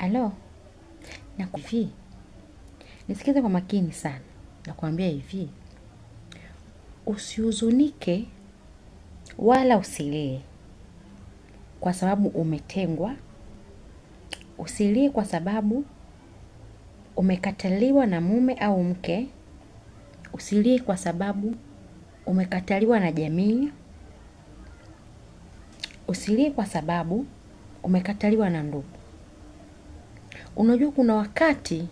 Halo, nakuvi nisikize kwa makini sana, nakuambia hivi, usihuzunike wala usilie kwa sababu umetengwa, usilie kwa sababu umekataliwa na mume au mke, usilie kwa sababu umekataliwa na jamii, usilie kwa sababu umekataliwa na ndugu. Unajua kuna wakati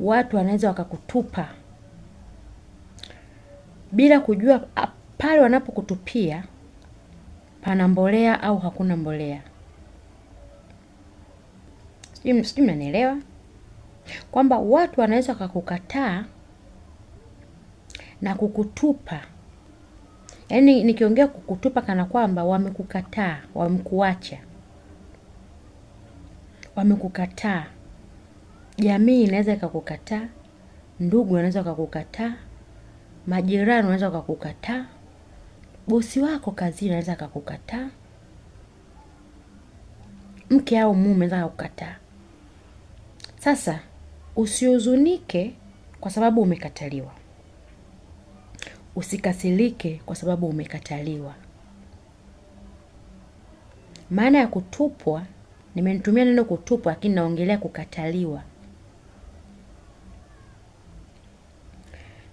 watu wanaweza wakakutupa bila kujua pale wanapokutupia pana mbolea au hakuna mbolea. Sijui mnanielewa, kwamba watu wanaweza wakakukataa na kukutupa. Yaani nikiongea kukutupa, kana kwamba wamekukataa, wamekuacha wamekukataa. Jamii inaweza ikakukataa, ndugu anaweza kakukataa majirani wanaweza wakakukataa, bosi wako kazini anaweza akakukataa, mke au mume anaweza akakukataa. Sasa usihuzunike kwa sababu umekataliwa, usikasirike kwa sababu umekataliwa. Maana ya kutupwa Nimenitumia neno kutupwa, lakini naongelea kukataliwa.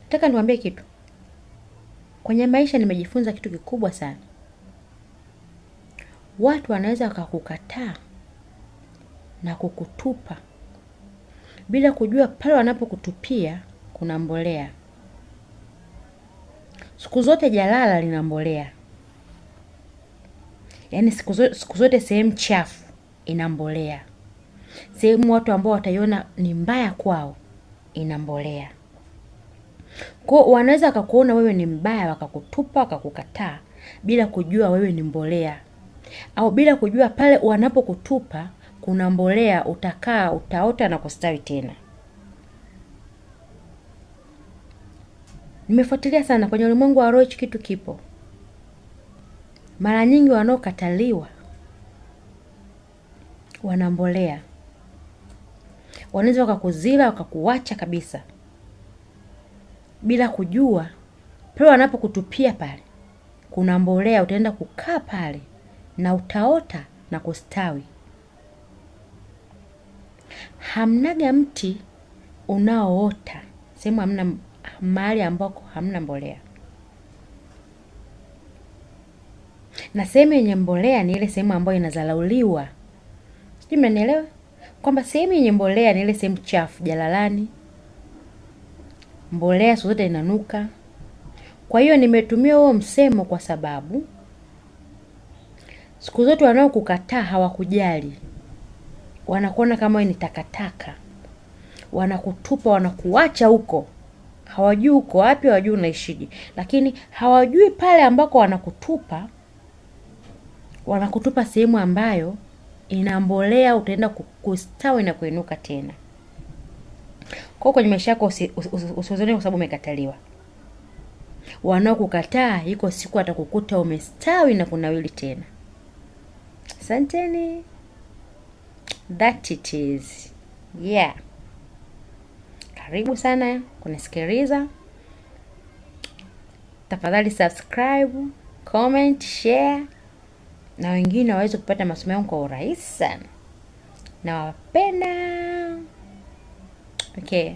Nataka niwaambie kitu. Kwenye maisha nimejifunza kitu kikubwa sana. Watu wanaweza wakakukataa na kukutupa bila kujua, pale wanapokutupia kuna mbolea. Siku zote jalala lina mbolea, yaani siku zote sehemu chafu ina mbolea, sehemu watu ambao wataiona ni mbaya kwao ina mbolea. Kwa wanaweza wakakuona wewe ni mbaya, wakakutupa, wakakukataa bila kujua wewe ni mbolea, au bila kujua pale wanapokutupa kuna mbolea, utakaa utaota na kustawi tena. Nimefuatilia sana kwenye ulimwengu wa roho, hichi kitu kipo. Mara nyingi wanaokataliwa wana mbolea wanaweza wakakuzila wakakuacha kabisa bila kujua. Pale wanapokutupia pale kuna mbolea, utaenda kukaa pale na utaota na kustawi. Hamnaga mti unaoota sehemu, hamna mahali ambako hamna mbolea, na sehemu yenye mbolea ni ile sehemu ambayo inazalauliwa. Sijui mnanielewa kwamba sehemu yenye mbolea ni ile sehemu chafu, jalalani, mbolea siku zote inanuka. Kwa hiyo nimetumia huo msemo kwa sababu siku zote wanaokukataa hawakujali, wanakuona kama ni takataka, wanakutupa, wanakuacha huko. Hawajui uko wapi, hawajui unaishije, lakini hawajui pale ambako wanakutupa, wanakutupa sehemu ambayo ina mbolea utaenda kustawi na kuinuka tena. Kwa kwenye maisha yako usizone kwa sababu umekataliwa. Wanaokukataa iko siku atakukuta umestawi na kunawili tena. Asanteni. That it is. Yeah. Karibu sana kunisikiliza. Tafadhali subscribe, comment, share na wengine waweze kupata masomo yao kwa urahisi sana. Nawapenda. Okay.